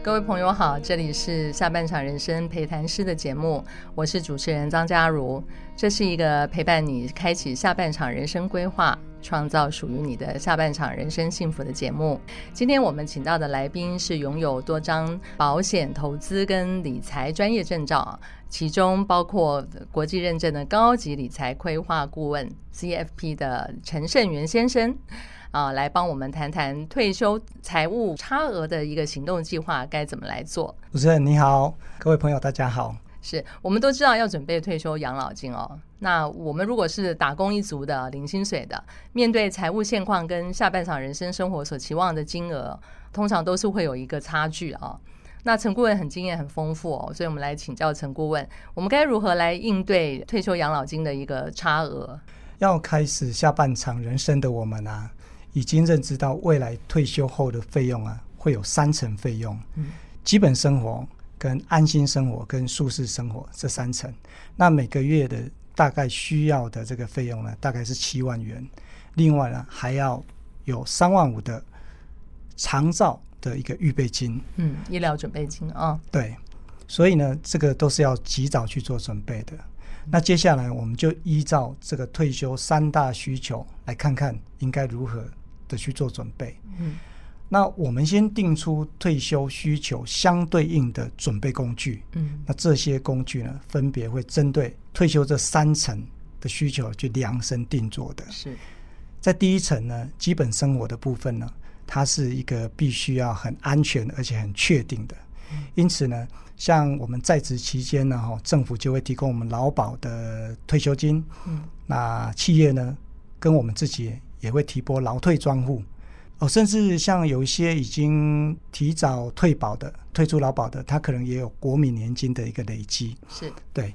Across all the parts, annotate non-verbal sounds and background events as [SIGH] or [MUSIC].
各位朋友好，這裡是下半場人生陪談師的節目，我是主持人張家如。這是一個陪伴你開啟下半場人生規劃、創造屬於你的下半場人生幸福的節目。今天我們請到的來賓是擁有多張保險、投資跟理財專業證照，其中包括國際認證的高級理財規劃顧問 （CFP） 的陳勝源先生。啊，來幫我們談談退休財務差額的一個行動計劃該怎麼來做？主持人你好，各位朋友大家好。是我們都知道要準備退休養老金哦。那我們如果是打工一族的零薪水的，面對財務現況跟下半場人生生活所期望的金額，通常都是會有一個差距啊，哦。那陳顧問很經驗很豐富哦，所以我們來請教陳顧問，我們該如何來應對退休養老金的一個差額？要開始下半場人生的我們啊。已經認知到未來退休後的費用啊，會有三層費用：基本生活、跟安心生活、跟舒適生活這三層。那每個月的大概需要的這個費用呢，大概是七萬元。另外呢，還要有三萬五的長照的一個預備金。嗯，醫療準備金啊。對，所以呢，這個都是要及早去做準備的。那接下來我們就依照這個退休三大需求來看看應該如何，的去做準備，嗯，那我們先定出退休需求相對應的準備工具，嗯，那這些工具呢，分別會針對退休這三層的需求去量身定做的，是在第一層呢，基本生活的部分呢，它是一個必須要很安全而且很確定的，因此呢，像我們在職期間呢，哈，政府就會提供我們勞保的退休金，嗯，那企業呢，跟我們自己。也會提撥勞退專戶，哦，甚至像有一些已經提早退保的，退出勞保的，他可能也有國民年金的一個累積。是，對。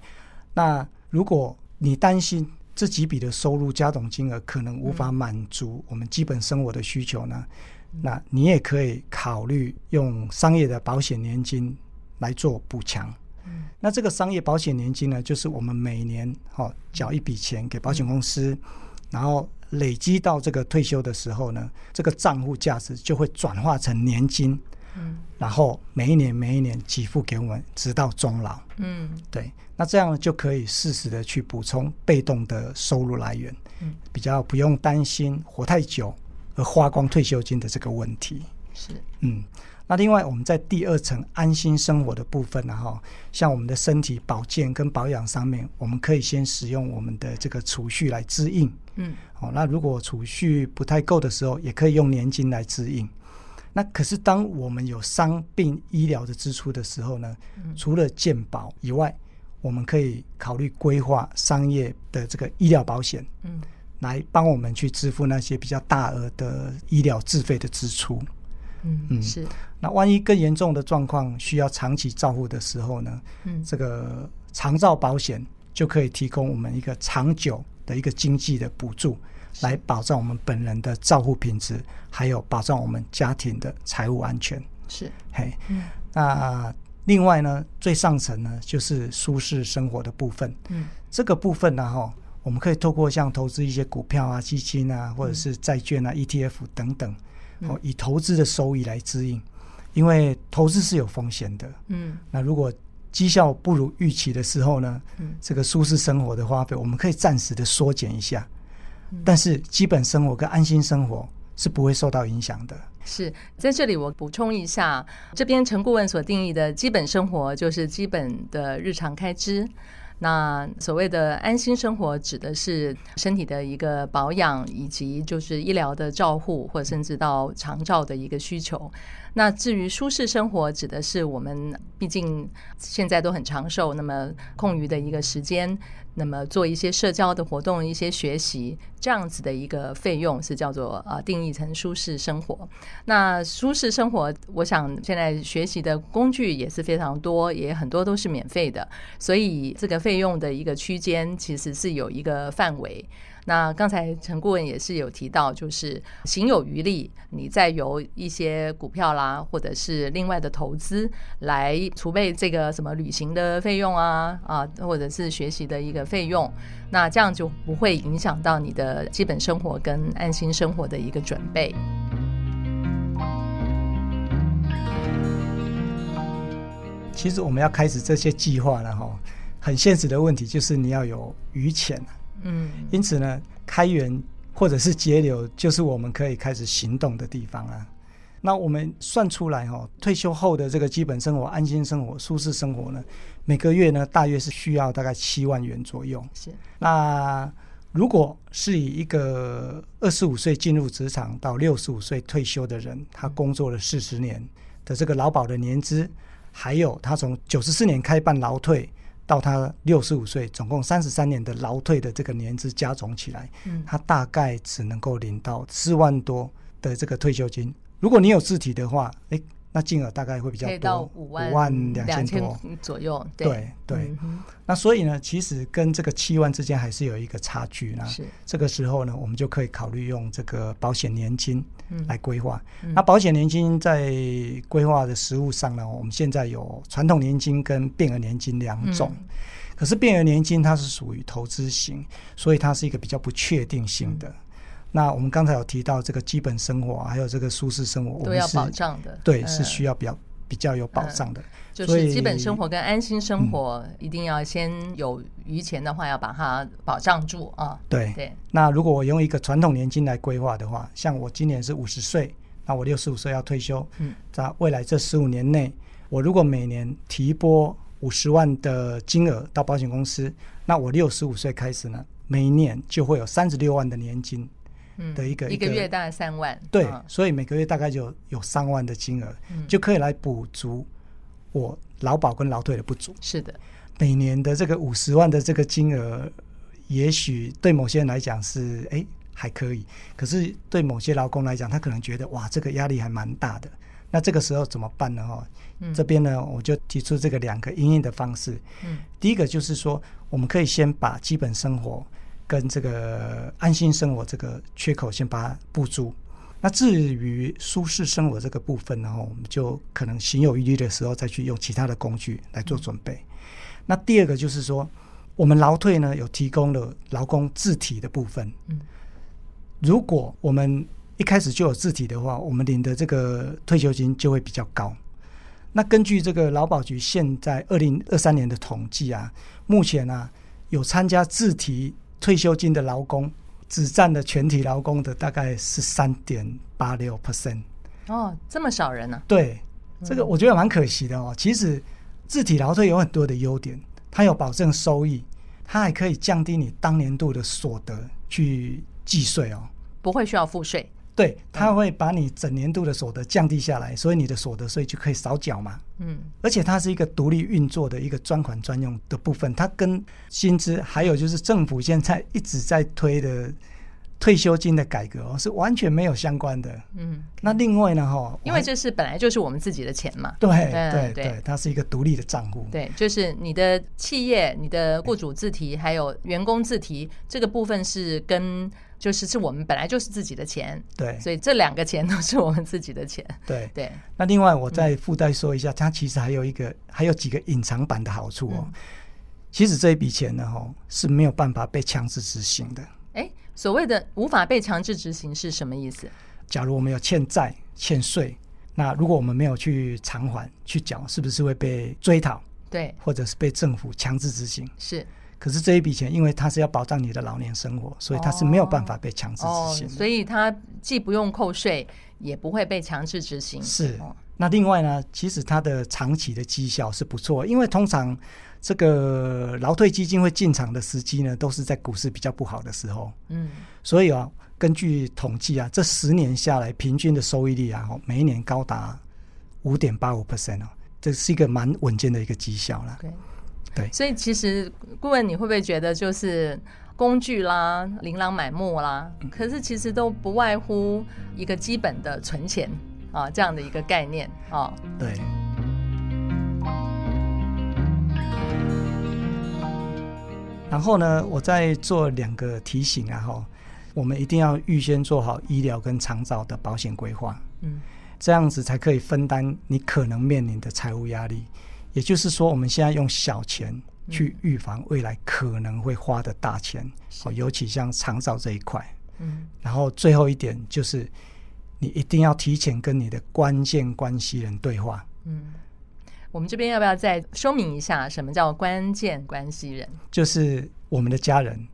那如果你擔心這幾筆的收入加總金額可能無法滿足我們基本生活的需求呢，嗯。那你也可以考慮用商業的保險年金來做補強。嗯。那這個商業保險年金呢，就是我們每年哦繳一筆錢給保險公司，嗯，然後。累積到這個退休的時候呢，這個賬戶價值就會轉化成年金，嗯，然後每一年每一年給付給我們，直到終老，嗯，對，那這樣就可以適時的去補充被動的收入來源，嗯，比較不用擔心活太久而花光退休金的這個問題，是，嗯。那另外，我們在第二層安心生活的部分呢，哈，像我們的身體保健跟保養上面，我們可以先使用我們的這個儲蓄來支應。嗯，好。哦，那如果儲蓄不太夠的時候，也可以用年金來支應。那可是，當我們有傷病醫療的支出的時候呢？嗯，除了健保以外，我們可以考慮規劃商業的這個醫療保險，嗯，來幫我們去支付那些比較大額的醫療自費的支出。嗯嗯是，那萬一更嚴重的狀況需要長期照護的時候呢？嗯，這個長照保險就可以提供我們一個長久的一個經濟的補助，來保障我們本人的照護品質，還有保障我們家庭的財務安全。是，嘿，嗯，那嗯另外呢，最上層呢就是舒適生活的部分。嗯，這個部分呢、啊、哈，我們可以透過像投資一些股票啊、基金啊，或者是債券啊、嗯、ETF 等等。以投資的收益來支應，嗯、因為投資是有風險的。嗯，那如果績效不如預期的時候呢？嗯、這個舒適生活的花費，我們可以暫時的縮減一下、嗯，但是基本生活跟安心生活是不會受到影響的。是。在這裡，我補充一下，這邊陳顧問所定義的基本生活，就是基本的日常開支。那所謂的安心生活，指的是身體的一個保養，以及就是醫療的照護，或甚至到長照的一個需求。那至於舒適生活，指的是我們畢竟現在都很長壽，那麼空餘的一個時間，那麼做一些社交的活動、一些學習，這樣子的一個費用是叫做呃定義成舒適生活。那舒適生活，我想現在學習的工具也是非常多，也很多都是免費的，所以這個費用的一個區間其實是有一個範圍。那剛才陳顧問也是有提到，就是行有餘力，你再由一些股票啦，或者是另外的投資來儲備這個什麼旅行的費用啊，啊，或者是學習的一個費用，那這樣就不會影響到你的基本生活跟安心生活的一個準備。其實我們要開始這些計劃了哈，很現實的問題就是你要有餘錢。嗯，因此呢，開源或者是節流，就是我們可以開始行動的地方啊。那我們算出來哦，退休後的這個基本生活、安心生活、舒適生活呢，每個月呢大約是需要大概七萬元左右。是。那如果是以一個二十五歲進入職場到六十五歲退休的人，他工作了四十年的這個勞保的年資，還有他從九十四年開辦勞退。到他六十五歲，總共三十三年的勞退的這個年資加總起來，嗯，他大概只能夠領到四萬多的這個退休金。如果你有自提的話，欸、那金額大概會比較多，可以到五萬、五萬兩千多左右。對對、對、嗯，那所以呢，其實跟這個七萬之間還是有一個差距呢，是。這個時候呢，我們就可以考慮用這個保險年金。來規劃，那保險年金在規劃的實務上呢、嗯，我們現在有傳統年金跟變額年金兩種，嗯、可是變額年金它是屬於投資型，所以它是一個比較不確定性的、嗯。那我們剛才有提到這個基本生活，還有這個舒適生活，我們是都要保障的，對，是需要比較。嗯比較有保障的，嗯，就是基本生活跟安心生活，一定要先有餘錢的話，嗯，要把它保障住啊。對對，那如果我用一個傳統年金來規劃的話，像我今年是五十歲，那我六十五歲要退休，嗯，在未來這十五年內，我如果每年提撥五十萬的金額到保險公司，那我六十五歲開始呢，每年就會有三十六萬的年金。的一個一個月大概三萬，對，所以每個月大概就有有三萬的金額，就可以來補足我勞保跟勞退的不足。是的，每年的這個五十萬的這個金額，也許對某些人來講是哎、欸、還可以，可是對某些勞工來講，他可能覺得哇這個壓力還蠻大的。那這個時候怎麼辦呢？哦，這邊呢我就提出這個兩個因應的方式。嗯，第一個就是說，我們可以先把基本生活。跟這個安心生活這個缺口先把它補足。那至於舒適生活這個部分呢、啊，然後我們就可能行有餘力的時候再去用其他的工具來做準備。嗯、那第二個就是說，我們勞退呢有提供了勞工自提的部分。嗯，如果我們一開始就有自提的話，我們領的這個退休金就會比較高。那根據這個勞保局現在二零二三年的統計啊，目前呢、啊、有參加自提。退休金的勞工只占了全體勞工的大概十三點八六 percent 哦，這麼少人呢、啊？對，這個我覺得蠻可惜的哦。其實自提勞退有很多的優點，它有保證收益，它還可以降低你當年度的所得去計稅哦，不會需要付稅。對，他會把你整年度的所得降低下來，所以你的所得稅就可以少繳嘛。嗯，而且它是一個獨立運作的一個專款專用的部分，它跟薪資還有就是政府現在一直在推的退休金的改革哦，是完全沒有相關的。嗯，那另外呢，哈，因為這是本來就是我們自己的錢嘛。對對，對對，它是一個獨立的賬戶。對，就是你的企業、你的雇主自提，還有員工自提，這個部分是跟。就是是我們本來就是自己的錢，對，所以這兩個錢都是我們自己的錢，對對。那另外，我再附帶說一下、嗯，它其實還有一個，還有幾個隱藏版的好處哦。嗯、其實這一筆錢呢，吼是沒有辦法被強制執行的。欸、所謂的無法被強制執行是什麼意思？假如我們有欠債、欠稅，那如果我們沒有去償還、去繳，是不是會被追討？對，或者是被政府強制執行？是。可是這一筆錢，因為它是要保障你的老年生活，所以它是沒有辦法被強制執行。哦哦。所以它既不用扣稅，也不會被強制執行。是。那另外呢，其實它的長期的績效是不錯，因為通常這個勞退基金會進場的時機呢，都是在股市比較不好的時候。嗯。所以啊，根據統計啊，這十年下來平均的收益率啊，每一年高達五點八五 percent 哦，這是一個蠻穩健的一個績效啦。對、okay。對，所以其實顧問，你會不會覺得就是工具啦，琳琅滿目啦？可是其實都不外乎一個基本的存錢啊，這樣的一個概念啊。對。然後呢，我再做兩個提醒啊，哈，我們一定要預先做好醫療跟長照的保險規劃，嗯，這樣子才可以分擔你可能面臨的財務壓力。也就是說，我們現在用小錢去預防未來可能會花的大錢，嗯、尤其像長照這一塊、嗯。然後最後一點就是，你一定要提前跟你的關鍵關係人對話、嗯。我們這邊要不要再說明一下什麼叫關鍵關係人？就是我們的家人，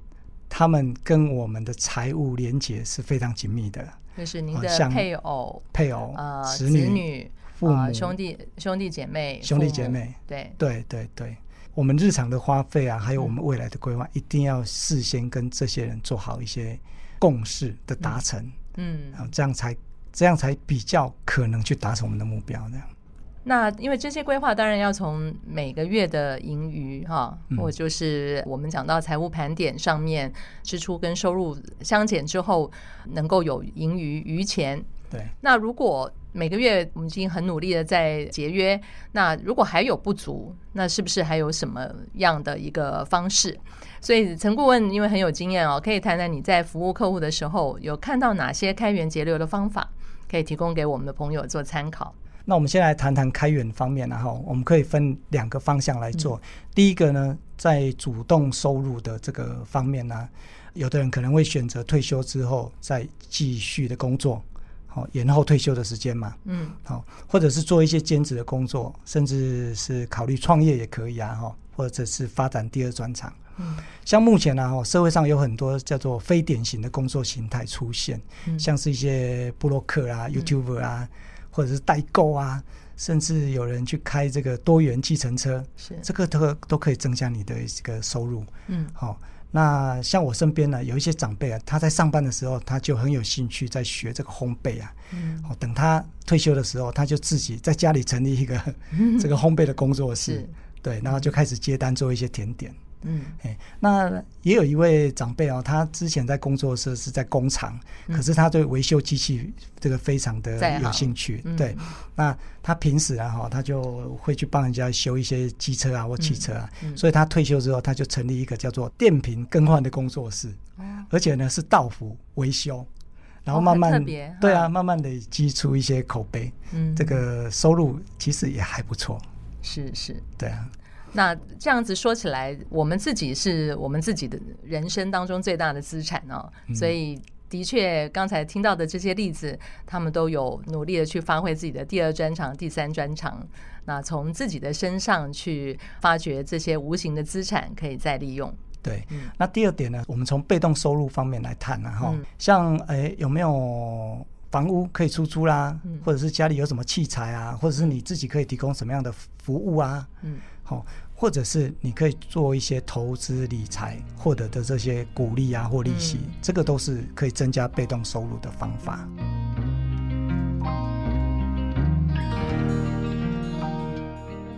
他們跟我們的財務連接是非常緊密的，就是您的配偶、配偶呃子女。呃啊，兄弟兄弟姐妹、兄弟姐妹，對對對對，我們日常的花費啊，還有我們未來的規劃，嗯、一定要事先跟這些人做好一些共識的達成嗯，嗯，啊，這樣才這樣才比較可能去達成我們的目標呢。那因為這些規劃當然要從每個月的盈餘哈、啊嗯，或者就是我們講到財務盤點上面，支出跟收入相減之後能夠有盈餘餘錢，對，那如果。每個月我們已經很努力地在節約。那如果還有不足，那是不是還有什麼樣的一個方式？所以陳顧問因為很有經驗哦，可以談談你在服務客戶的時候有看到哪些開源節流的方法，可以提供給我們的朋友做參考。那我們先來談談開源方面啊，然後我們可以分兩個方向來做。嗯。第一個呢，在主動收入的這個方面呢啊，有的人可能會選擇退休之後再繼續的工作。延後退休的時間嘛，嗯，好，或者是做一些兼職的工作，甚至是考慮創業也可以啊，哈，或者是發展第二專長。嗯，像目前呢、啊，社會上有很多叫做非典型的工作形態出現。嗯，像是一些部落客啊、YouTuber 啊、嗯，或者是代購啊，甚至有人去開這個多元計程車，這個都都可以增加你的這個收入，嗯，好、哦。那像我身邊呢，有一些長輩啊，他在上班的時候，他就很有興趣在學這個烘焙啊。嗯。哦，等他退休的時候，他就自己在家裡成立一個這個烘焙的工作室。 [LAUGHS] 是。對，然後就開始接單做一些甜點。嗯，那也有一位長輩哦。他之前在工作的時候是在工廠，嗯，可是他對維修機器這個非常的有興趣。嗯、對，那他平時啊，哈，他就會去幫人家修一些機車啊或汽車啊、嗯嗯。所以他退休之後，他就成立一個叫做電瓶更換的工作室，嗯、而且呢是到府維修，然後慢慢，哦嗯、對啊，慢慢的積出一些口碑。嗯，這個收入其實也還不錯。是是，對啊。那這樣子說起來，我們自己是我們自己的人生當中最大的資產哦、嗯，所以的確剛才聽到的這些例子，他們都有努力的去發揮自己的第二專長、第三專長，那從自己的身上去發掘這些無形的資產可以再利用。對，嗯、那第二點呢，我們從被動收入方面來談啊哈、嗯，像哎、欸、有沒有房屋可以出租啦、啊，或者是家裡有什麼器材啊，或者是你自己可以提供什麼樣的服務啊？嗯。或者是你可以做一些投資理財獲得的這些股利啊或利息，嗯，這個都是可以增加被動收入的方法。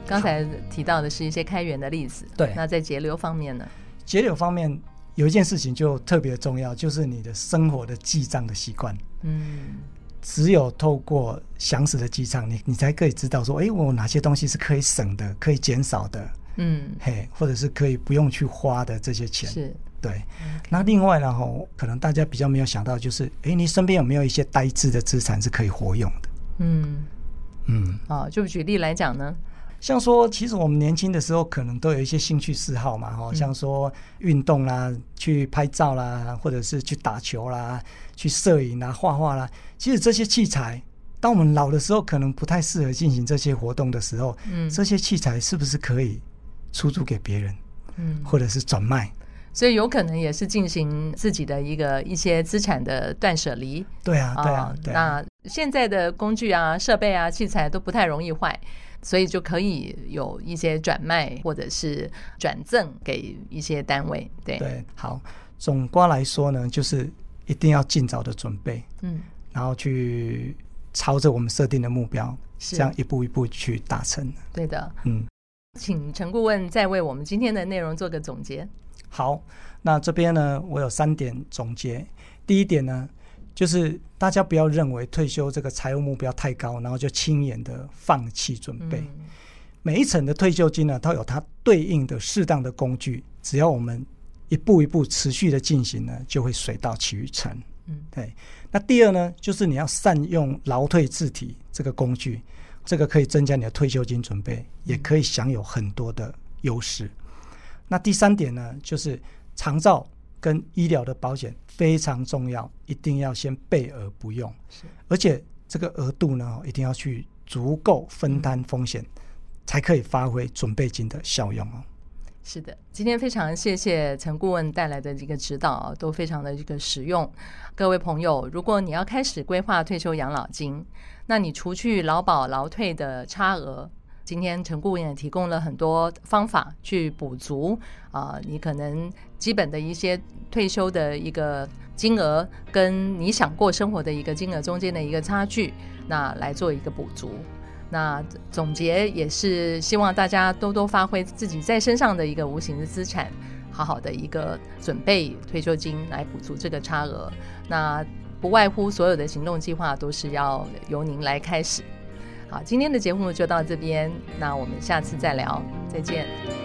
剛才提到的是一些開源的例子，對。那在節流方面呢？節流方面有一件事情就特別重要，就是你的生活的記賬的習慣。嗯。只有透過詳實的記帳，你你才可以知道說，哎、欸，我哪些東西是可以省的，可以減少的，嗯，嘿，或者是可以不用去花的這些錢，是，對。Okay. 那另外呢，吼，可能大家比較沒有想到，就是，哎、欸，你身邊有沒有一些呆滯的資產是可以活用的？嗯嗯，哦，就舉例來講呢。像說，其實我們年輕的時候可能都有一些興趣嗜好嘛，哈，像說運動啦、去拍照啦，或者是去打球啦、去攝影啦、啊、畫畫啦。其實這些器材，當我們老的時候可能不太適合進行這些活動的時候，這些器材是不是可以出租給別人，嗯，或者是轉賣？所以有可能也是進行自己的一個一些資產的斷捨離。對啊，呃。對啊，對啊。那現在的工具啊、設備啊、器材都不太容易壞，所以就可以有一些轉賣或者是轉贈給一些單位。對對。好，總括來說呢，就是一定要盡早的準備，嗯，然後去朝着我們設定的目標，這樣一步一步去達成。對的，嗯，請陳顧問再為我們今天的內容做個總結。好，那這邊呢，我有三點總結。第一點呢，就是大家不要認為退休這個財務目標太高，然後就輕言的放棄準備。嗯、每一層的退休金呢，都有它對應的適當的工具，只要我們一步一步持續的進行呢，就會水到渠成。嗯，對。那第二呢，就是你要善用勞退自提這個工具，這個可以增加你的退休金準備，也可以享有很多的優勢。嗯那第三點呢，就是長照跟醫療的保險非常重要，一定要先備而不用。是，而且這個額度呢，一定要去足夠分擔風險，嗯，才可以發揮準備金的效用哦。是的，今天非常謝謝陳顧問帶來的這個指導，都非常的一個實用。各位朋友，如果你要開始規劃退休養老金，那你除去勞保勞退的差額，今天陳顧問也提供了很多方法去補足啊，呃，你可能基本的一些退休的一個金額，跟你想過生活的一個金額中間的一個差距，那來做一個補足。那總結也是希望大家多多發揮自己在身上的一個無形的資產，好好的一個準備退休金來補足這個差額。那不外乎所有的行動計劃都是要由您來開始。好，今天的節目就到這邊，那我們下次再聊，再見。